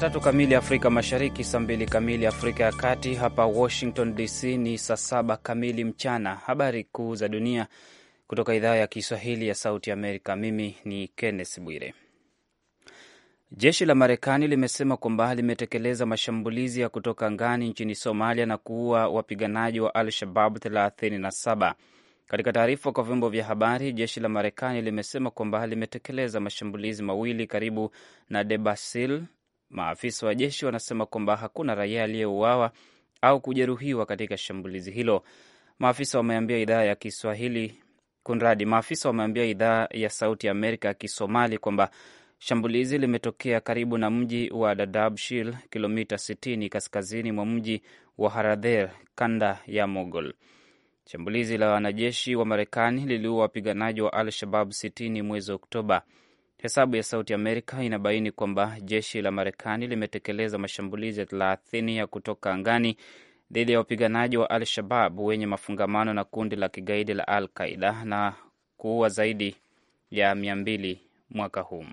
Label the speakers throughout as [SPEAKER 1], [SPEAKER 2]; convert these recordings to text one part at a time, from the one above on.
[SPEAKER 1] tatu kamili Afrika Mashariki, saa mbili kamili Afrika ya Kati. Hapa Washington DC ni saa saba kamili mchana. Habari kuu za dunia kutoka idhaa ya Kiswahili ya Sauti Amerika. Mimi ni Kenneth Bwire. Jeshi la Marekani limesema kwamba limetekeleza mashambulizi ya kutoka ngani nchini Somalia na kuua wapiganaji wa Al-Shabab 37. Katika taarifa kwa vyombo vya habari, jeshi la Marekani limesema kwamba limetekeleza mashambulizi mawili karibu na Debasil Maafisa wa jeshi wanasema kwamba hakuna raia aliyeuawa au kujeruhiwa katika shambulizi hilo. Maafisa wameambia idhaa ya Kiswahili kunradi, maafisa wameambia idhaa ya Sauti ya Amerika ya Kisomali kwamba shambulizi limetokea karibu na mji wa Dadabshil, kilomita 60 kaskazini mwa mji wa Haradher, kanda ya Mogol. Shambulizi la wanajeshi wa Marekani liliua wapiganaji wa Al Shabab 60 mwezi Oktoba. Hesabu ya Sauti Amerika inabaini kwamba jeshi la Marekani limetekeleza mashambulizi thelathini ya kutoka angani dhidi ya wapiganaji wa Al Shabab wenye mafungamano na kundi la kigaidi la Al Qaida na kuua zaidi ya mia mbili mwaka huu.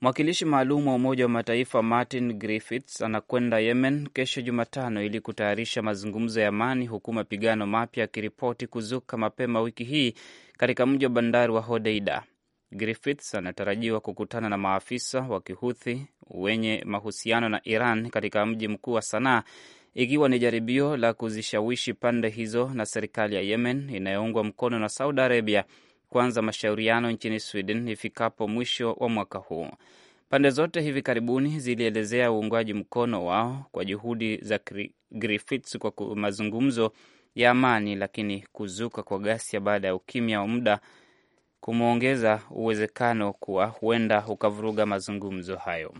[SPEAKER 1] Mwakilishi maalum wa Umoja wa Mataifa Martin Griffiths anakwenda Yemen kesho Jumatano ili kutayarisha mazungumzo ya amani, huku mapigano mapya yakiripoti kuzuka mapema wiki hii katika mji wa bandari wa Hodeida. Griffiths anatarajiwa kukutana na maafisa wa kihuthi wenye mahusiano na Iran katika mji mkuu wa Sanaa, ikiwa ni jaribio la kuzishawishi pande hizo na serikali ya Yemen inayoungwa mkono na Saudi Arabia kuanza mashauriano nchini Sweden ifikapo mwisho wa mwaka huu. Pande zote hivi karibuni zilielezea uungwaji mkono wao kwa juhudi za Griffiths kwa mazungumzo ya amani, lakini kuzuka kwa ghasia baada ya ukimya wa muda kumwongeza uwezekano kuwa huenda ukavuruga mazungumzo hayo.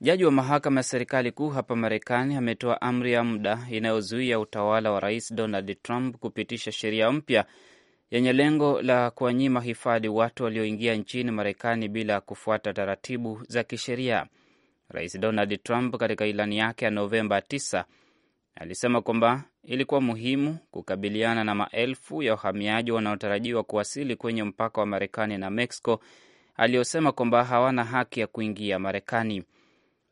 [SPEAKER 1] Jaji wa mahakama ya serikali kuu hapa Marekani ametoa amri ya muda inayozuia utawala wa rais Donald Trump kupitisha sheria mpya yenye lengo la kuwanyima hifadhi watu walioingia nchini Marekani bila kufuata taratibu za kisheria. Rais Donald Trump katika ilani yake ya Novemba alisema kwamba ilikuwa muhimu kukabiliana na maelfu ya wahamiaji wanaotarajiwa kuwasili kwenye mpaka wa Marekani na Mexico, aliyosema kwamba hawana haki ya kuingia Marekani.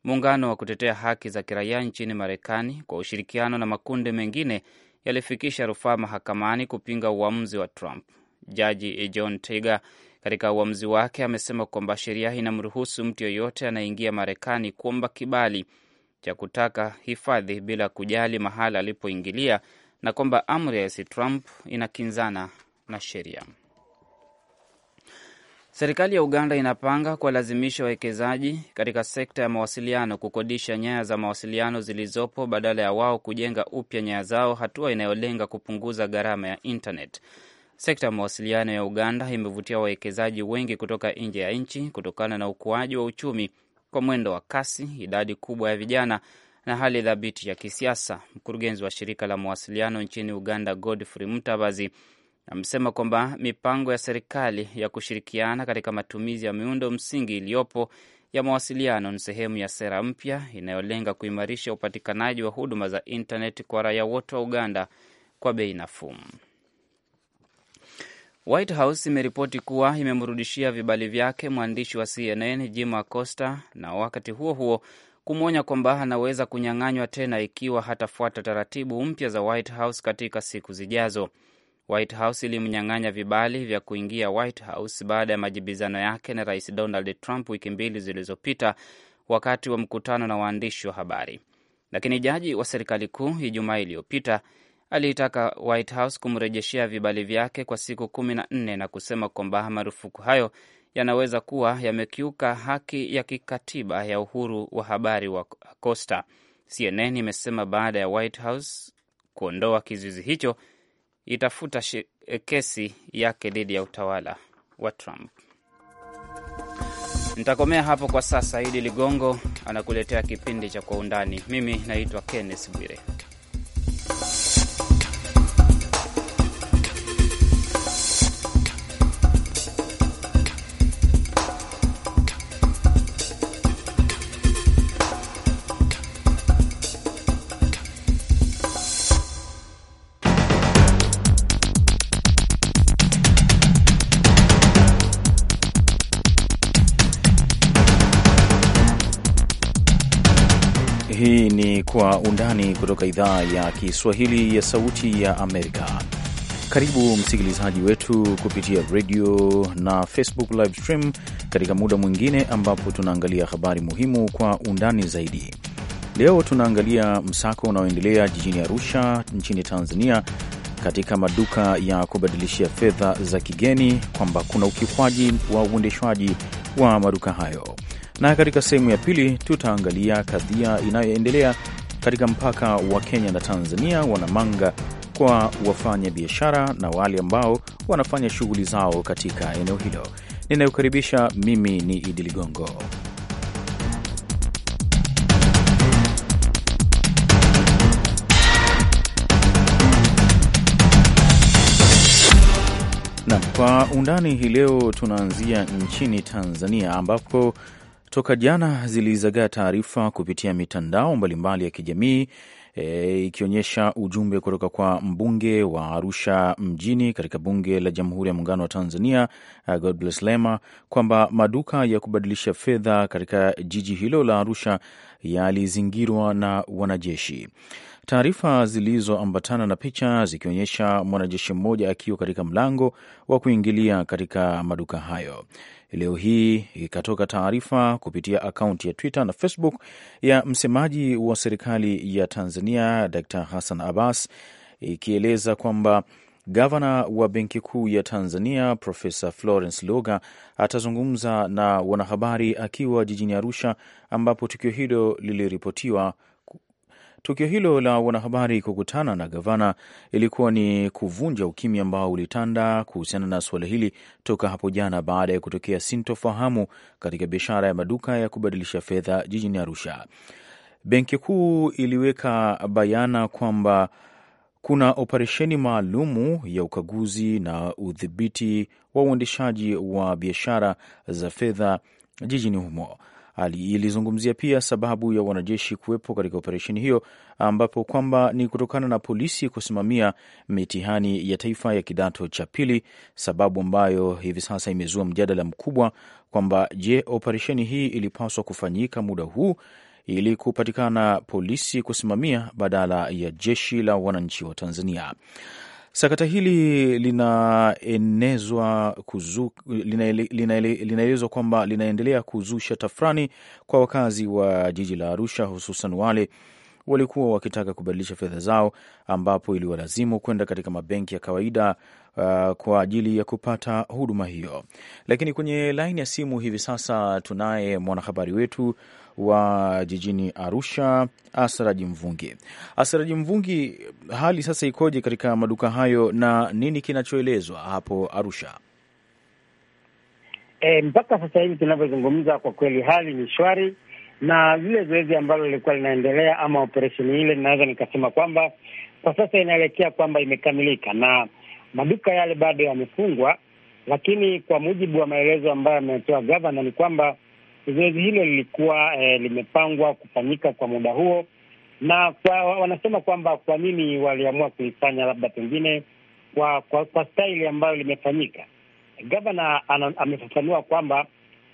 [SPEAKER 1] Muungano wa kutetea haki za kiraia nchini Marekani kwa ushirikiano na makundi mengine yalifikisha rufaa mahakamani kupinga uamuzi wa Trump. Jaji John Tiger katika uamuzi wake amesema kwamba sheria inamruhusu mtu yeyote anayeingia Marekani kuomba kibali cha kutaka hifadhi bila kujali mahala alipoingilia na kwamba amri ya rais Trump inakinzana na sheria. Serikali ya Uganda inapanga kuwalazimisha wawekezaji katika sekta ya mawasiliano kukodisha nyaya za mawasiliano zilizopo badala ya wao kujenga upya nyaya zao, hatua inayolenga kupunguza gharama ya intnet Sekta ya mawasiliano ya Uganda imevutia wawekezaji wengi kutoka nje ya nchi kutokana na ukuaji wa uchumi kwa mwendo wa kasi, idadi kubwa ya vijana na hali thabiti ya kisiasa. Mkurugenzi wa shirika la mawasiliano nchini Uganda, Godfrey Mutabazi, amesema kwamba mipango ya serikali ya kushirikiana katika matumizi ya miundo msingi iliyopo ya mawasiliano ni sehemu ya sera mpya inayolenga kuimarisha upatikanaji wa huduma za intaneti kwa raia wote wa Uganda kwa bei nafuu. White House imeripoti kuwa imemrudishia vibali vyake mwandishi wa CNN Jim Acosta na wakati huo huo kumwonya kwamba anaweza kunyang'anywa tena ikiwa hatafuata taratibu mpya za White House katika siku zijazo. White House ilimnyang'anya vibali vya kuingia White House baada ya majibizano yake na Rais Donald Trump wiki mbili zilizopita wakati wa mkutano na waandishi wa habari. Lakini jaji wa serikali kuu Ijumaa iliyopita aliitaka White House kumrejeshea vibali vyake kwa siku kumi na nne na kusema kwamba marufuku hayo yanaweza kuwa yamekiuka haki ya kikatiba ya uhuru wa habari wa Acosta. CNN imesema baada ya White House kuondoa kizuizi hicho itafuta kesi yake dhidi ya utawala wa Trump. Nitakomea hapo kwa sasa. Idi Ligongo anakuletea kipindi cha Kwa Undani. Mimi naitwa Kenneth Bwire.
[SPEAKER 2] Undani kutoka idhaa ya Kiswahili ya Sauti ya Amerika. Karibu msikilizaji wetu kupitia radio na Facebook live stream katika muda mwingine ambapo tunaangalia habari muhimu kwa undani zaidi. Leo tunaangalia msako unaoendelea jijini Arusha nchini Tanzania katika maduka ya kubadilishia fedha za kigeni kwamba kuna ukiukwaji wa uendeshwaji wa maduka hayo, na katika sehemu ya pili tutaangalia kadhia inayoendelea katika mpaka wa Kenya na Tanzania wanamanga kwa wafanya biashara na wale ambao wanafanya shughuli zao katika eneo hilo. Ninayokaribisha mimi ni Idi Ligongo. Kwa undani hii leo tunaanzia nchini Tanzania ambapo toka jana zilizagaa taarifa kupitia mitandao mbalimbali ya kijamii e, ikionyesha ujumbe kutoka kwa mbunge wa Arusha mjini katika bunge la Jamhuri ya Muungano wa Tanzania Godbless Lema kwamba maduka ya kubadilisha fedha katika jiji hilo la Arusha yalizingirwa na wanajeshi. Taarifa zilizoambatana na picha zikionyesha mwanajeshi mmoja akiwa katika mlango wa kuingilia katika maduka hayo. Leo hii ikatoka taarifa kupitia akaunti ya Twitter na Facebook ya msemaji wa serikali ya Tanzania Dr. Hassan Abbas ikieleza kwamba Gavana wa Benki Kuu ya Tanzania Profesa Florence loga atazungumza na wanahabari akiwa jijini Arusha ambapo tukio hilo liliripotiwa Tukio hilo la wanahabari kukutana na gavana ilikuwa ni kuvunja ukimya ambao ulitanda kuhusiana na suala hili toka hapo jana, baada ya kutokea sintofahamu katika biashara ya maduka ya kubadilisha fedha jijini Arusha. Benki Kuu iliweka bayana kwamba kuna operesheni maalumu ya ukaguzi na udhibiti wa uendeshaji wa biashara za fedha jijini humo. Ilizungumzia pia sababu ya wanajeshi kuwepo katika operesheni hiyo, ambapo kwamba ni kutokana na polisi kusimamia mitihani ya taifa ya kidato cha pili, sababu ambayo hivi sasa imezua mjadala mkubwa kwamba je, operesheni hii ilipaswa kufanyika muda huu ili kupatikana polisi kusimamia badala ya jeshi la wananchi wa Tanzania. Sakata hili linaenezwa kuzu, linaelezwa linaele, linaele, kwamba linaendelea kuzusha tafrani kwa wakazi wa jiji la Arusha, hususan wale walikuwa wakitaka kubadilisha fedha zao, ambapo iliwalazimu kwenda katika mabenki ya kawaida uh, kwa ajili ya kupata huduma hiyo. Lakini kwenye laini ya simu hivi sasa tunaye mwanahabari wetu wa jijini Arusha, Asraji Mvungi. Asraji Mvungi, hali sasa ikoje katika maduka hayo na nini kinachoelezwa hapo Arusha?
[SPEAKER 3] E, mpaka sasa hivi tunavyozungumza, kwa kweli hali ni shwari, na lile zoezi ambalo lilikuwa linaendelea ama operesheni ile, ninaweza nikasema kwamba kwa sasa inaelekea kwamba imekamilika na maduka yale bado yamefungwa, lakini kwa mujibu wa maelezo ambayo ametoa gavana ni kwamba Zoezi hilo lilikuwa eh, limepangwa kufanyika kwa muda huo, na kwa, wanasema kwamba kwa nini waliamua kuifanya labda pengine kwa kwa, kwa staili ambayo limefanyika. Gavana amefafanua kwamba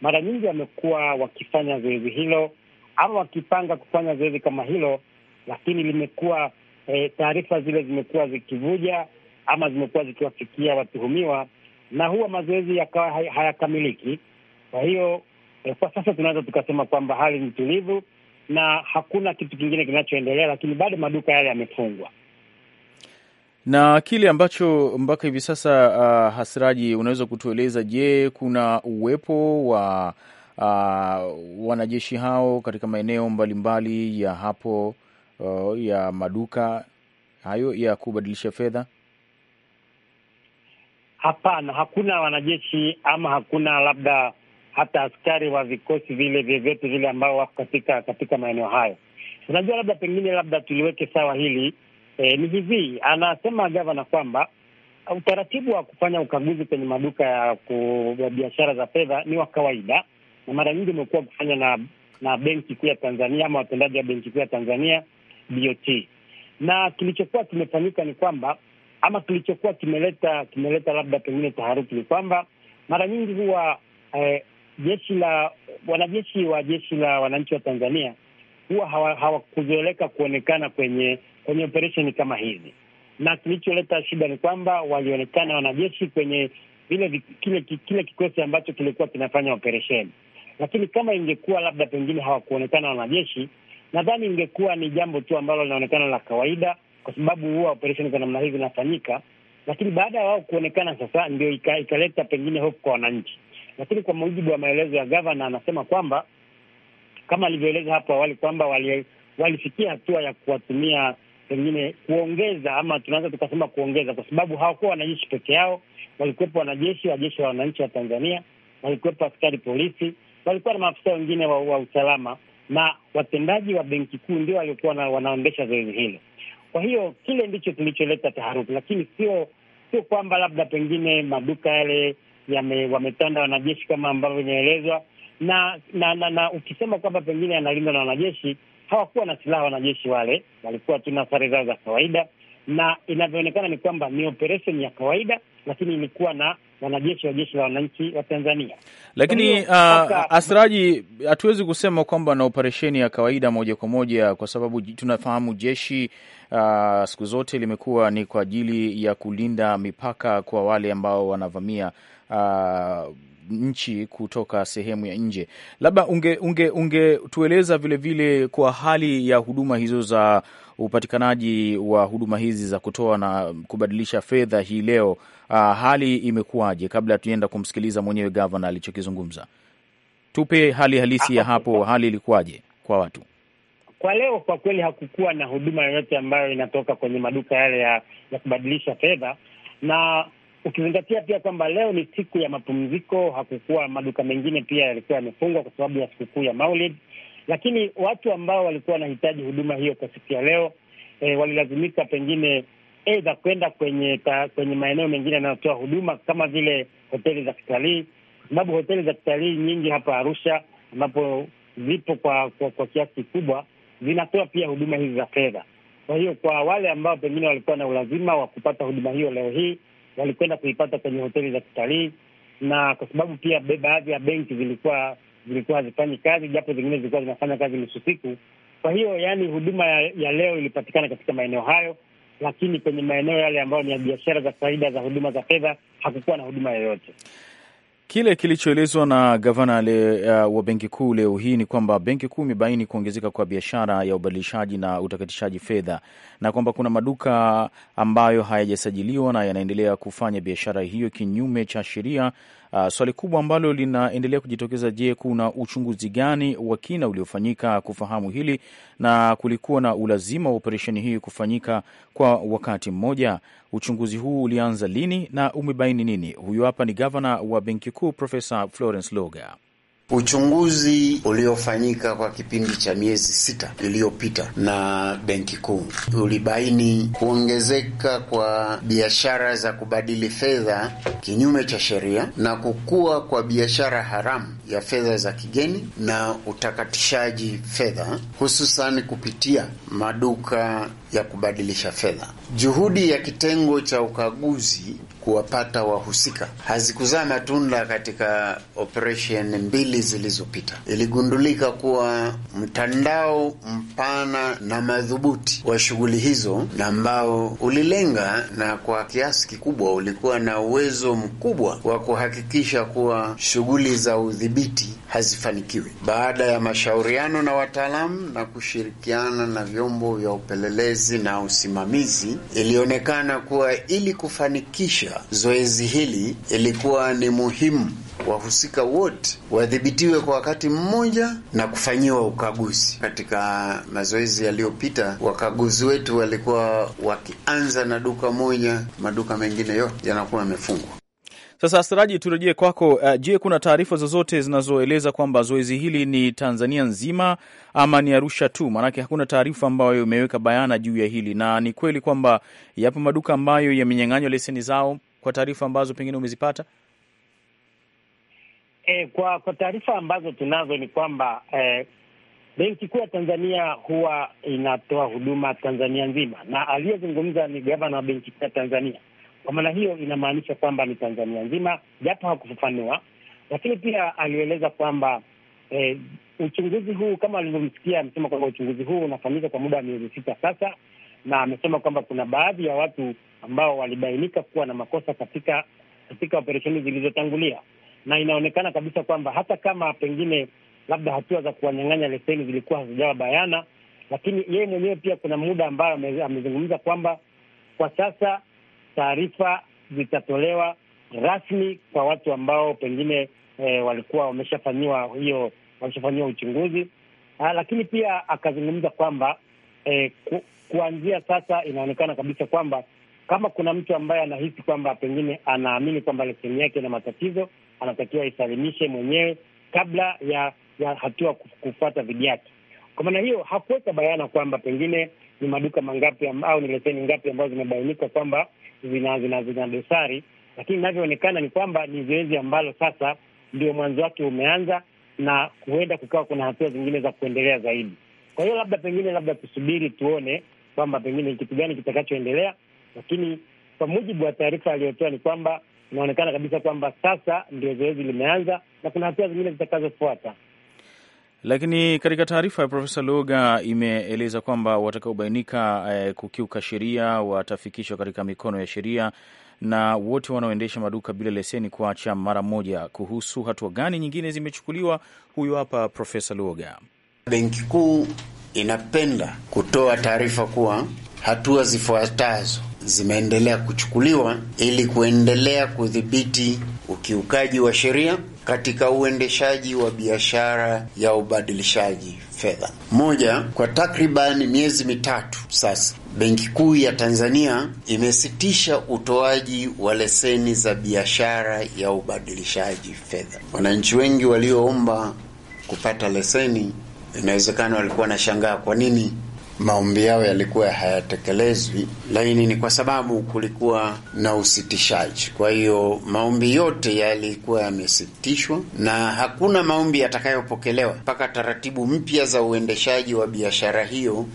[SPEAKER 3] mara nyingi wamekuwa wakifanya zoezi hilo ama wakipanga kufanya zoezi kama hilo, lakini limekuwa eh, taarifa zile zimekuwa zikivuja ama zimekuwa zikiwafikia watuhumiwa na huwa mazoezi yakawa hayakamiliki. Kwa hiyo Eh, kwa sasa tunaweza tukasema kwamba hali ni tulivu na hakuna kitu kingine kinachoendelea, lakini bado maduka yale yamefungwa
[SPEAKER 2] na kile ambacho mpaka hivi sasa uh, Hasiraji, unaweza kutueleza, je, kuna uwepo wa uh, wanajeshi hao katika maeneo mbalimbali ya hapo uh, ya maduka hayo ya kubadilisha fedha?
[SPEAKER 3] Hapana, hakuna wanajeshi ama hakuna labda hata askari wa vikosi vile vyovyote vile ambao wako katika katika maeneo hayo. Unajua, labda pengine labda tuliweke sawa hili e, ni hivi, anasema gavana kwamba uh, utaratibu wa kufanya ukaguzi kwenye maduka ya biashara za fedha ni wa kawaida na mara nyingi umekuwa kufanya na na benki kuu ya Tanzania ama watendaji wa benki kuu ya Tanzania BOT, na kilichokuwa kimefanyika ni kwamba ama kilichokuwa kimeleta kimeleta labda pengine taharuki ni kwamba mara nyingi huwa eh, jeshi la wanajeshi wa jeshi la wananchi wa Tanzania huwa hawakuzoeleka hawa kuonekana kwenye kwenye operesheni kama hizi, na kilicholeta shida ni kwamba walionekana wanajeshi kwenye vile kile kile kikosi ambacho kilikuwa kinafanya operesheni, lakini kama ingekuwa labda pengine hawakuonekana wanajeshi, nadhani ingekuwa ni jambo tu ambalo linaonekana la kawaida, kwa sababu huwa operesheni za namna hii zinafanyika. Lakini baada ya wao kuonekana sasa, ndio ikaleta pengine hofu kwa wananchi. Lakini kwa mujibu wa maelezo ya gavana, anasema kwamba kama alivyoeleza hapo awali kwamba walifikia wali hatua ya kuwatumia pengine kuongeza ama tunaweza tukasema kuongeza, kwa sababu hawakuwa wanajeshi peke yao. Walikuwepo wanajeshi wa jeshi la wananchi wa Tanzania, walikuwepo askari polisi, walikuwa na maafisa wengine wa, wa usalama na watendaji wa benki kuu ndio waliokuwa wanaendesha zoezi hilo. Kwa hiyo kile ndicho kilicholeta taharuki, lakini sio sio kwamba labda pengine maduka yale yame, wametanda wanajeshi kama ambavyo imeelezwa na na, na na ukisema kwamba pengine analindwa na wanajeshi, hawakuwa na silaha wanajeshi wale, walikuwa tu na sare zao za kawaida, na inavyoonekana ni kwamba ni operesheni ya kawaida, lakini ilikuwa na wanajeshi wa jeshi la wananchi wa Tanzania. Lakini uh,
[SPEAKER 2] asiraji hatuwezi kusema kwamba na operesheni ya kawaida moja kwa moja, kwa sababu tunafahamu jeshi uh, siku zote limekuwa ni kwa ajili ya kulinda mipaka kwa wale ambao wanavamia Uh, nchi kutoka sehemu ya nje. Labda ungetueleza unge, unge vilevile kwa hali ya huduma hizo za upatikanaji wa huduma hizi za kutoa na kubadilisha fedha hii leo, uh, hali imekuwaje? Kabla tuenda kumsikiliza mwenyewe gavana alichokizungumza, tupe hali halisi ya hapo, hali ilikuwaje kwa watu
[SPEAKER 3] kwa leo? Kwa kweli hakukuwa na huduma yoyote ambayo inatoka kwenye maduka yale ya, ya kubadilisha fedha na ukizingatia pia kwamba leo ni siku ya mapumziko, hakukuwa maduka mengine pia yalikuwa yamefungwa kwa sababu ya sikukuu ya Maulid, lakini watu ambao walikuwa wanahitaji huduma hiyo kwa siku ya leo e, walilazimika pengine aidha kwenda kwenye ta, kwenye maeneo mengine yanayotoa huduma kama vile hoteli za kitalii, kwa sababu hoteli za kitalii nyingi hapa Arusha ambapo zipo kwa kwa, kwa kiasi kikubwa zinatoa pia huduma hizi za fedha. Kwa hiyo kwa wale ambao pengine walikuwa na ulazima wa kupata huduma hiyo leo hii walikwenda kuipata kwenye hoteli za kitalii, na kwa sababu pia baadhi ya benki zilikuwa zilikuwa hazifanyi kazi, japo zingine zilikuwa zinafanya kazi nusu siku. Kwa hiyo, yani, huduma ya, ya leo ilipatikana katika maeneo hayo, lakini kwenye maeneo yale ambayo ni ya biashara za kawaida za huduma za fedha hakukuwa na huduma yoyote.
[SPEAKER 2] Kile kilichoelezwa na gavana le, uh, wa benki kuu leo hii ni kwamba benki kuu imebaini kuongezeka kwa biashara ya ubadilishaji na utakatishaji fedha na kwamba kuna maduka ambayo hayajasajiliwa na yanaendelea kufanya biashara hiyo kinyume cha sheria Uh, swali kubwa ambalo linaendelea kujitokeza, je, kuna uchunguzi gani wa kina uliofanyika kufahamu hili na kulikuwa na ulazima wa operesheni hii kufanyika kwa wakati mmoja? Uchunguzi huu ulianza lini na umebaini nini? Huyu hapa ni gavana wa Benki Kuu Profesa Florence Loga.
[SPEAKER 4] Uchunguzi uliofanyika kwa kipindi cha miezi sita iliyopita na Benki Kuu ulibaini kuongezeka kwa biashara za kubadili fedha kinyume cha sheria na kukua kwa biashara haramu ya fedha za kigeni na utakatishaji fedha, hususan kupitia maduka ya kubadilisha fedha. Juhudi ya kitengo cha ukaguzi kuwapata wahusika hazikuzaa matunda. Katika operesheni mbili zilizopita, iligundulika kuwa mtandao mpana na madhubuti wa shughuli hizo na ambao ulilenga na kwa kiasi kikubwa ulikuwa na uwezo mkubwa wa kuhakikisha kuwa shughuli za udhibiti hazifanikiwi. Baada ya mashauriano na wataalamu na kushirikiana na vyombo vya upelelezi na usimamizi, ilionekana kuwa ili kufanikisha mazingira. Zoezi hili ilikuwa ni muhimu wahusika wote wadhibitiwe kwa wakati mmoja na kufanyiwa ukaguzi. Katika mazoezi yaliyopita, wakaguzi wetu walikuwa wakianza na duka moja, maduka mengine yote yanakuwa yamefungwa.
[SPEAKER 2] Sasa Asiraji, turejee kwako. Uh, je, kuna taarifa zozote zinazoeleza kwamba zoezi hili ni Tanzania nzima ama ni Arusha tu? Maanake hakuna taarifa ambayo imeweka bayana juu ya hili, na ni kweli kwamba yapo maduka ambayo yamenyang'anywa leseni zao, kwa taarifa ambazo pengine umezipata?
[SPEAKER 3] E, kwa kwa taarifa ambazo tunazo ni kwamba eh, Benki Kuu ya Tanzania huwa inatoa huduma Tanzania nzima, na aliyezungumza ni gavana wa Benki Kuu ya Tanzania kwa maana hiyo inamaanisha kwamba ni Tanzania nzima, japo hakufafanua, lakini pia alieleza kwamba eh, uchunguzi huu kama alivyomsikia, amesema kwamba uchunguzi huu unafanyika kwa muda wa miezi sita sasa, na amesema kwamba kuna baadhi ya watu ambao walibainika kuwa na makosa katika katika operesheni zilizotangulia, na inaonekana kabisa kwamba hata kama pengine labda hatua za kuwanyang'anya leseni zilikuwa hazijawa bayana, lakini yeye mwenyewe pia kuna muda ambayo amezungumza kwamba kwa sasa taarifa zitatolewa rasmi kwa watu ambao pengine e, walikuwa wameshafanyiwa hiyo wameshafanyiwa uchunguzi. Ha, ah, lakini pia akazungumza kwamba e, ku, kuanzia sasa inaonekana kabisa kwamba kama kuna mtu ambaye anahisi kwamba pengine anaamini kwamba leseni yake ina matatizo, anatakiwa isalimishe mwenyewe kabla ya, ya hatua kufuata vidiyake. Kwa maana hiyo hakuweka bayana kwamba pengine ni maduka mangapi au ni leseni ngapi ambazo zimebainika kwamba zina zina zina dosari, lakini inavyoonekana ni kwamba ni zoezi ambalo sasa ndio mwanzo wake umeanza, na huenda kukawa kuna hatua zingine za kuendelea zaidi. Kwa hiyo labda pengine labda tusubiri tuone kwamba pengine kitu gani kitakachoendelea, lakini kwa mujibu wa taarifa aliyotoa ni kwamba inaonekana kabisa kwamba sasa ndio zoezi limeanza na kuna hatua zingine zitakazofuata.
[SPEAKER 2] Lakini katika taarifa ya Profesa Luoga imeeleza kwamba watakaobainika eh, kukiuka sheria watafikishwa katika mikono ya sheria na wote wanaoendesha maduka bila leseni kuacha mara moja. Kuhusu hatua gani nyingine zimechukuliwa, huyu hapa Profesa Luoga. Benki Kuu inapenda
[SPEAKER 4] kutoa taarifa kuwa hatua zifuatazo zimeendelea kuchukuliwa ili kuendelea kudhibiti ukiukaji wa sheria katika uendeshaji wa biashara ya ubadilishaji fedha. Moja, kwa takriban miezi mitatu sasa, Benki Kuu ya Tanzania imesitisha utoaji wa leseni za biashara ya ubadilishaji fedha. Wananchi wengi walioomba kupata leseni, inawezekana walikuwa na shangaa kwa nini maombi yao yalikuwa hayatekelezwi, lakini ni kwa sababu kulikuwa na usitishaji. Kwa hiyo maombi yote yalikuwa yamesitishwa na hakuna maombi yatakayopokelewa mpaka taratibu mpya za uendeshaji wa biashara hiyo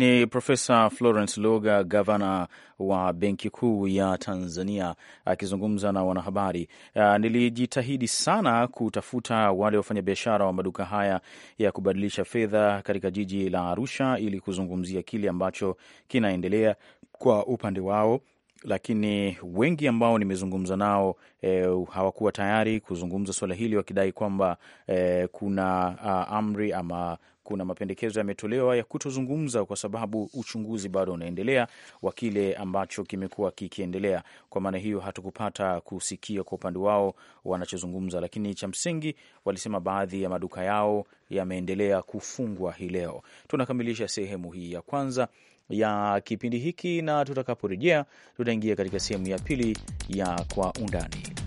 [SPEAKER 2] ni Profesa Florence Luga, gavana wa Benki Kuu ya Tanzania akizungumza na wanahabari. Uh, nilijitahidi sana kutafuta wale wafanyabiashara wa maduka haya ya kubadilisha fedha katika jiji la Arusha ili kuzungumzia kile ambacho kinaendelea kwa upande wao lakini wengi ambao nimezungumza nao e, hawakuwa tayari kuzungumza suala hili, wakidai kwamba e, kuna a, ah, amri ama kuna mapendekezo yametolewa ya kutozungumza kwa sababu uchunguzi bado unaendelea wa kile ambacho kimekuwa kikiendelea. Kwa maana hiyo, hatukupata kusikia kwa upande wao wanachozungumza, lakini cha msingi walisema baadhi ya maduka yao yameendelea kufungwa hii leo. Tunakamilisha sehemu hii ya kwanza ya kipindi hiki, na tutakaporejea tutaingia katika sehemu ya pili ya Kwa Undani.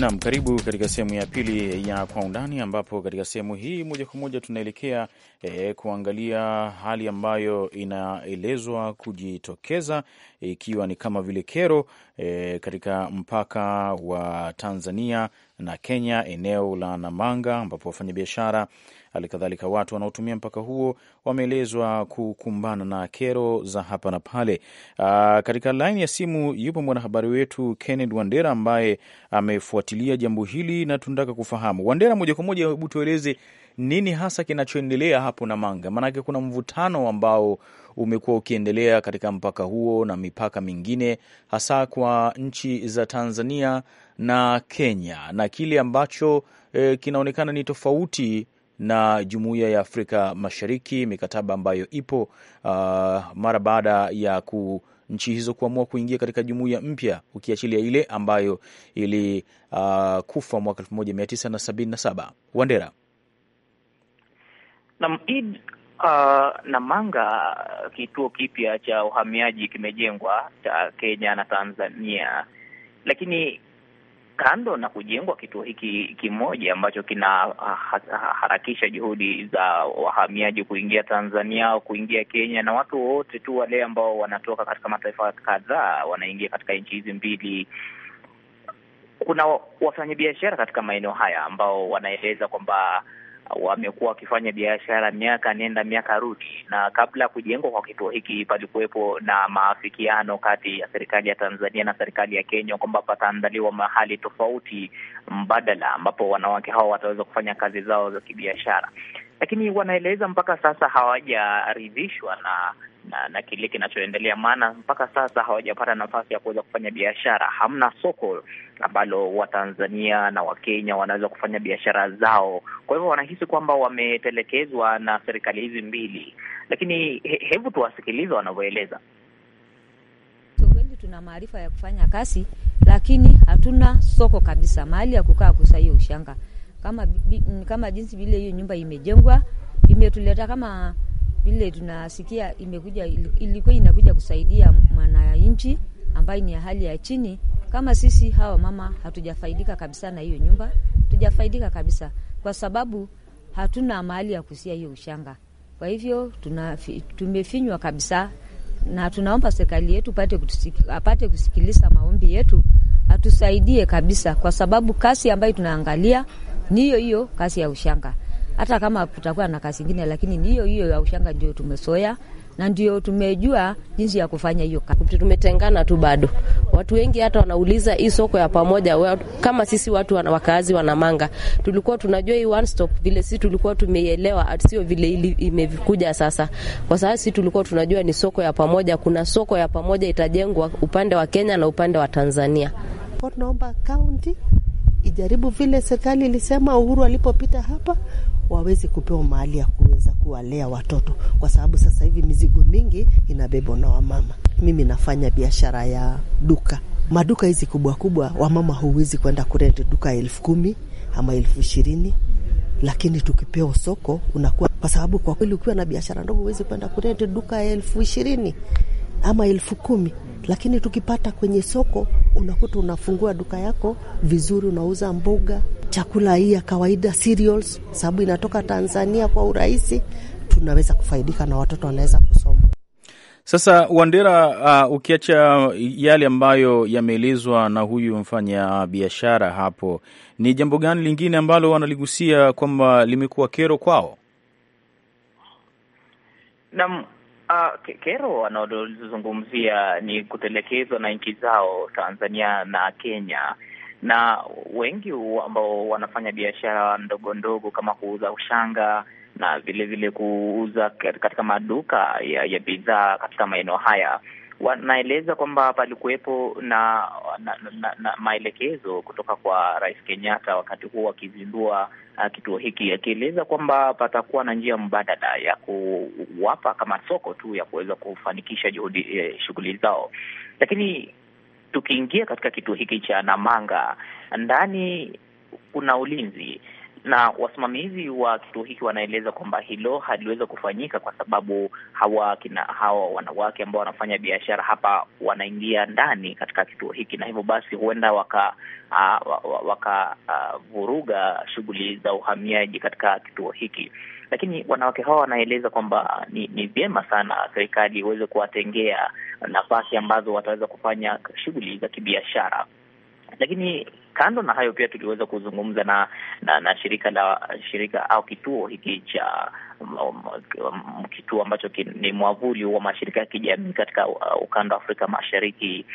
[SPEAKER 2] Naam, karibu katika sehemu ya pili ya Kwa Undani, ambapo katika sehemu hii moja kwa moja tunaelekea e, kuangalia hali ambayo inaelezwa kujitokeza ikiwa e, ni kama vile kero e, katika mpaka wa Tanzania na Kenya, eneo la Namanga, ambapo wafanyabiashara Halikadhalika, watu wanaotumia mpaka huo wameelezwa kukumbana na kero za hapa na pale. Aa, ah, katika laini ya simu yupo mwanahabari wetu Kennedy Wandera ambaye amefuatilia jambo hili na tunataka kufahamu. Wandera, moja kwa moja, hebu tueleze nini hasa kinachoendelea hapo Namanga? Maanake kuna mvutano ambao umekuwa ukiendelea katika mpaka huo na mipaka mingine, hasa kwa nchi za Tanzania na Kenya, na kile ambacho eh, kinaonekana ni tofauti na Jumuiya ya Afrika Mashariki, mikataba ambayo ipo uh, mara baada ya ku nchi hizo kuamua kuingia katika jumuiya mpya ukiachilia ile ambayo ilikufa uh, mwaka elfu moja mia tisa na sabini na saba. Wandera
[SPEAKER 5] nam id uh, Namanga, kituo kipya cha uhamiaji kimejengwa cha Kenya na Tanzania, lakini kando na kujengwa kituo hiki kimoja ambacho kinaharakisha ah, juhudi za wahamiaji kuingia Tanzania au kuingia Kenya, na watu wote tu wale ambao wanatoka katika mataifa kadhaa wanaingia katika nchi hizi mbili. Kuna wafanyabiashara katika maeneo haya ambao wanaeleza kwamba wamekuwa wakifanya biashara miaka nenda miaka rudi, na kabla ya kujengwa kwa kituo hiki palikuwepo na maafikiano kati ya serikali ya Tanzania na serikali ya Kenya kwamba pataandaliwa mahali tofauti mbadala ambapo wanawake hao wataweza kufanya kazi zao za kibiashara, lakini wanaeleza mpaka sasa hawajaridhishwa na na, na kile kinachoendelea, maana mpaka sasa hawajapata nafasi ya kuweza kufanya biashara. Hamna soko ambalo Watanzania na Wakenya wanaweza kufanya biashara zao, kwa hivyo wanahisi kwamba wametelekezwa na serikali hizi mbili, lakini he, hebu tuwasikilize wanavyoeleza.
[SPEAKER 2] Tuna maarifa ya kufanya kazi lakini hatuna soko kabisa, mahali ya kukaa hiyo ushanga kama, kama jinsi vile hiyo nyumba imejengwa imetuleta kama vile tunasikia imekuja, ilikuwa inakuja kusaidia mwananchi ambaye ni ya hali ya chini kama sisi. Hawa mama hatujafaidika kabisa na hiyo nyumba, hatujafaidika kabisa kwa sababu hatuna mahali ya kusia hiyo ushanga. Kwa hivyo tuna, tumefinywa kabisa, na tunaomba serikali yetu pate kutusik, apate kusikiliza maombi yetu, atusaidie kabisa, kwa sababu kasi ambayo tunaangalia ni hiyo hiyo kasi ya ushanga hata kama kutakuwa na kazi ingine, lakini ni hiyo hiyo ya ushanga ndio
[SPEAKER 1] tumesoya na ndio tumejua jinsi ya kufanya hiyo kazi. Tumetengana tu bado. Watu wengi hata wanauliza hii soko ya pamoja kama sisi watu wana wakaazi wakazi wanamanga tulikuwa tunajua hii one stop vile sisi tulikuwa tumeielewa, sio vile ili imekuja sasa. Kwa sababu sisi tulikuwa tunajua ni soko ya pamoja, kuna soko ya pamoja itajengwa upande wa Kenya na upande wa Tanzania.
[SPEAKER 6] Tunaomba kaunti ijaribu vile serikali ilisema Uhuru alipopita hapa waweze kupewa mahali ya kuweza kuwalea watoto, kwa sababu sasa hivi mizigo mingi inabebwa na wamama. Mimi nafanya biashara ya duka, maduka hizi kubwa kubwa, wamama huwezi kwenda kurenti duka elfu kumi ama elfu ishirini lakini tukipewa soko unakuwa, kwa sababu kwa kweli ukiwa na biashara ndogo huwezi kwenda kurenti duka elfu ishirini ama elfu kumi lakini tukipata kwenye soko unakuta unafungua duka yako vizuri, unauza mboga, chakula hii ya kawaida cereals, sababu inatoka Tanzania kwa urahisi, tunaweza kufaidika na watoto wanaweza kusoma.
[SPEAKER 2] Sasa Wandera, uh, ukiacha yale ambayo yameelezwa na huyu mfanya biashara hapo, ni jambo gani lingine ambalo wanaligusia kwamba limekuwa kero kwao?
[SPEAKER 5] Naam. Uh, kero wanaozungumzia ni kutelekezwa na nchi zao Tanzania na Kenya na wengi ambao wanafanya biashara ndogo ndogo kama kuuza ushanga na vile vile kuuza katika maduka ya, ya bidhaa katika maeneo haya wanaeleza kwamba palikuwepo na, na, na, na maelekezo kutoka kwa Rais Kenyatta wakati huo wakizindua uh, kituo hiki, akieleza kwamba patakuwa na njia mbadala ya kuwapa kama soko tu ya kuweza kufanikisha juhudi eh, shughuli zao, lakini tukiingia katika kituo hiki cha Namanga ndani kuna ulinzi na wasimamizi wa kituo hiki wanaeleza kwamba hilo haliweza kufanyika kwa sababu hawa kina hawa wanawake ambao wanafanya biashara hapa wanaingia ndani katika kituo hiki, na hivyo basi huenda waka uh, wakavuruga uh, shughuli za uhamiaji katika kituo hiki lakini wanawake hawa wanaeleza kwamba ni, ni vyema sana serikali iweze kuwatengea nafasi ambazo wataweza kufanya shughuli za kibiashara lakini kando na hayo pia tuliweza kuzungumza na, na na shirika la shirika au kituo hiki cha um, um kituo ambacho ni mwavuli wa mashirika ya kijamii katika uh, ukanda wa Afrika Mashariki,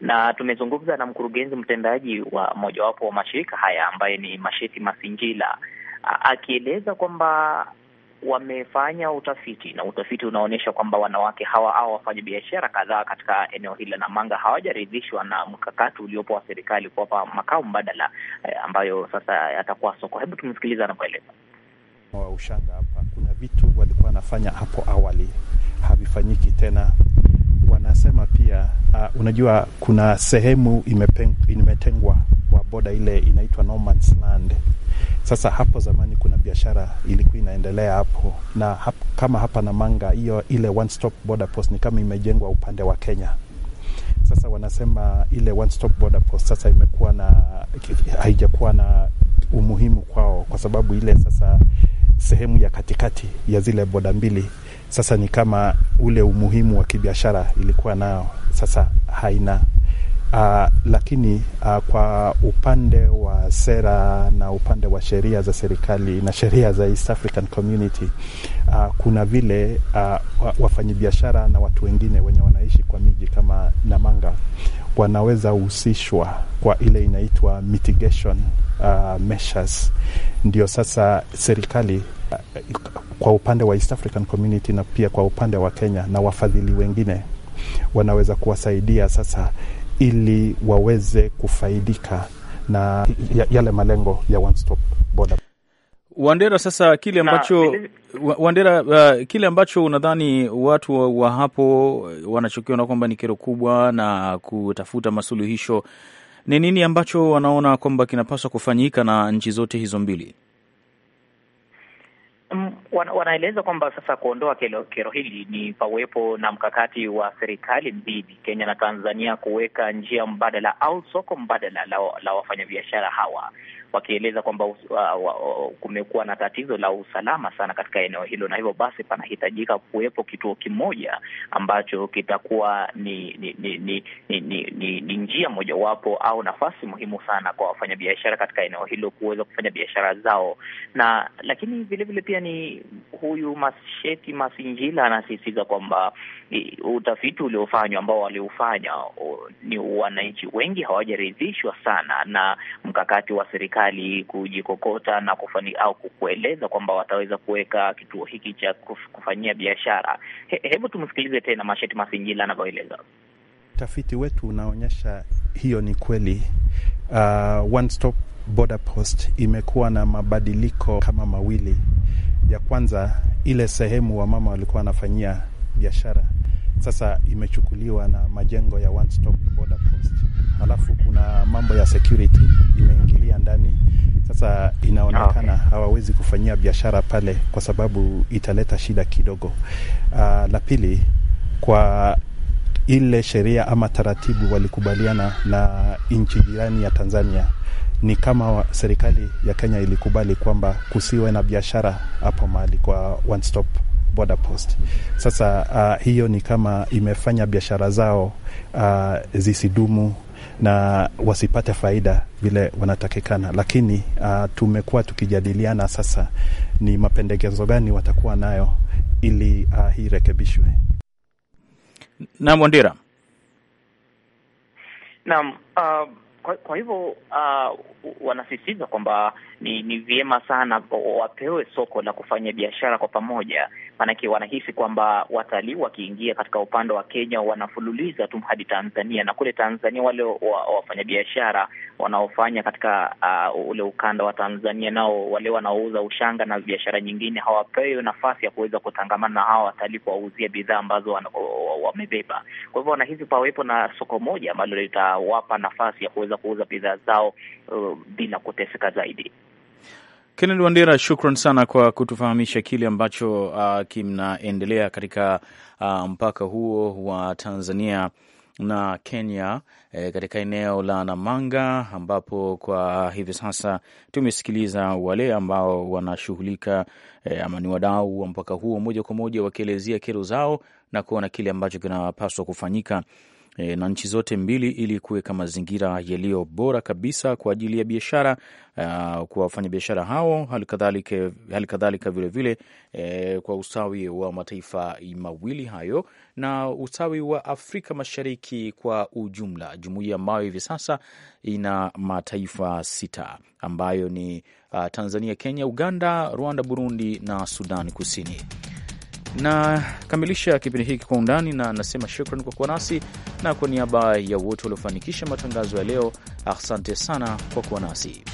[SPEAKER 5] na tumezungumza na mkurugenzi mtendaji wa mojawapo wa mashirika haya ambaye ni Masheti Masinjila akieleza kwamba wamefanya utafiti na utafiti unaonyesha kwamba wanawake hawa au biashara kadhaa katika eneo hili la Namanga hawajaridhishwa na mkakati uliopo wa serikali kuwapa makao mbadala eh, ambayo sasa yatakuwa soko. Hebu tumsikiliza anavyoeleza.
[SPEAKER 6] Wa ushanga hapa, kuna vitu walikuwa wanafanya hapo awali havifanyiki tena. Wanasema pia uh, unajua kuna sehemu imepeng, imetengwa kwa boda ile inaitwa no man's land sasa hapo zamani kuna biashara ilikuwa inaendelea hapo na hap, kama hapa Namanga hiyo ile one stop border post ni kama imejengwa upande wa Kenya. Sasa wanasema ile one stop border post sasa imekuwa na haijakuwa na umuhimu kwao, kwa sababu ile sasa sehemu ya katikati ya zile boda mbili sasa ni kama ule umuhimu wa kibiashara ilikuwa nao sasa haina Uh, lakini uh, kwa upande wa sera na upande wa sheria za serikali na sheria za East African Community uh, kuna vile uh, wafanyabiashara na watu wengine wenye wanaishi kwa miji kama Namanga wanaweza husishwa kwa ile inaitwa mitigation uh, measures. Ndio sasa serikali uh, kwa upande wa East African Community na pia kwa upande wa Kenya na wafadhili wengine wanaweza kuwasaidia sasa ili waweze kufaidika na yale malengo ya one stop border.
[SPEAKER 2] Wandera, sasa kile ambacho Wandera, uh, kile ambacho unadhani watu wa hapo wanachokiona kwamba ni kero kubwa na kutafuta masuluhisho, ni nini ambacho wanaona kwamba kinapaswa kufanyika na nchi zote hizo mbili?
[SPEAKER 5] wanaeleza kwamba sasa kuondoa kero, kero hili ni pawepo na mkakati wa serikali mbili Kenya na Tanzania kuweka njia mbadala au soko mbadala la, la wafanyabiashara hawa wakieleza kwamba uh, uh, kumekuwa na tatizo la usalama sana katika eneo hilo, na hivyo basi panahitajika kuwepo kituo kimoja ambacho kitakuwa ni ni ni ni, ni, ni, ni, ni njia mojawapo au nafasi muhimu sana kwa wafanyabiashara katika eneo hilo kuweza kufanya biashara zao, na lakini vilevile pia ni huyu Masheti Masinjila anasisitiza kwamba utafiti uliofanywa ambao waliufanya ni wananchi wengi hawajaridhishwa sana na mkakati wa serikali serikali kujikokota na kufani, au kukueleza kwamba wataweza kuweka kituo hiki cha kufanyia biashara. He, hebu tumsikilize tena Masheti masingila anavyoeleza.
[SPEAKER 6] Utafiti wetu unaonyesha hiyo ni kweli. Uh, one stop border post imekuwa na mabadiliko kama mawili. Ya kwanza ile sehemu wamama walikuwa wanafanyia biashara sasa imechukuliwa na majengo ya one stop border post, halafu kuna mambo ya security imeingilia ndani. Sasa inaonekana ah, hawawezi kufanyia biashara pale kwa sababu italeta shida kidogo. Uh, la pili kwa ile sheria ama taratibu walikubaliana na nchi jirani ya Tanzania ni kama serikali ya Kenya ilikubali kwamba kusiwe na biashara hapo mahali kwa one stop border post. Sasa uh, hiyo ni kama imefanya biashara zao uh, zisidumu na wasipate faida vile wanatakikana, lakini uh, tumekuwa tukijadiliana sasa ni mapendekezo gani watakuwa nayo ili uh, hii rekebishwe.
[SPEAKER 2] Naam, Wandira.
[SPEAKER 5] Naam, uh kwa, kwa hivyo uh, wanasisitiza kwamba ni, ni vyema sana wapewe soko la kufanya biashara kwa pamoja, maanake wanahisi kwamba watalii wakiingia katika upande wa Kenya wanafululiza tu hadi Tanzania, na kule Tanzania wale wafanyabiashara wanaofanya katika uh, ule ukanda wa Tanzania nao wale wanaouza ushanga na biashara nyingine hawapewi nafasi ya kuweza kutangamana na hawa watalii kuwauzia bidhaa ambazo wamebeba. Kwa hivyo wanahisi pawepo na soko moja ambalo litawapa nafasi ya kuweza kuuza bidhaa zao uh, bila kuteseka zaidi.
[SPEAKER 2] Kennedy Wandera, shukran sana kwa kutufahamisha kile ambacho uh, kinaendelea katika uh, mpaka huo wa Tanzania na Kenya e, katika eneo la Namanga ambapo kwa hivi sasa tumesikiliza wale ambao wanashughulika e, ama ni wadau wa mpaka huo moja kwa moja wakielezea kero zao na kuona kile ambacho kinapaswa kufanyika E, na nchi zote mbili ili kuweka mazingira yaliyo bora kabisa kwa ajili ya biashara uh, kwa wafanyabiashara hao, hali kadhalika vilevile e, kwa ustawi wa mataifa mawili hayo na ustawi wa Afrika Mashariki kwa ujumla, jumuiya ambayo hivi sasa ina mataifa sita ambayo ni uh, Tanzania, Kenya, Uganda, Rwanda, Burundi na Sudan Kusini. Nakamilisha kipindi hiki kwa undani, na nasema shukran kwa kuwa nasi, na kwa niaba ya wote waliofanikisha matangazo ya leo, asante sana kwa kuwa nasi.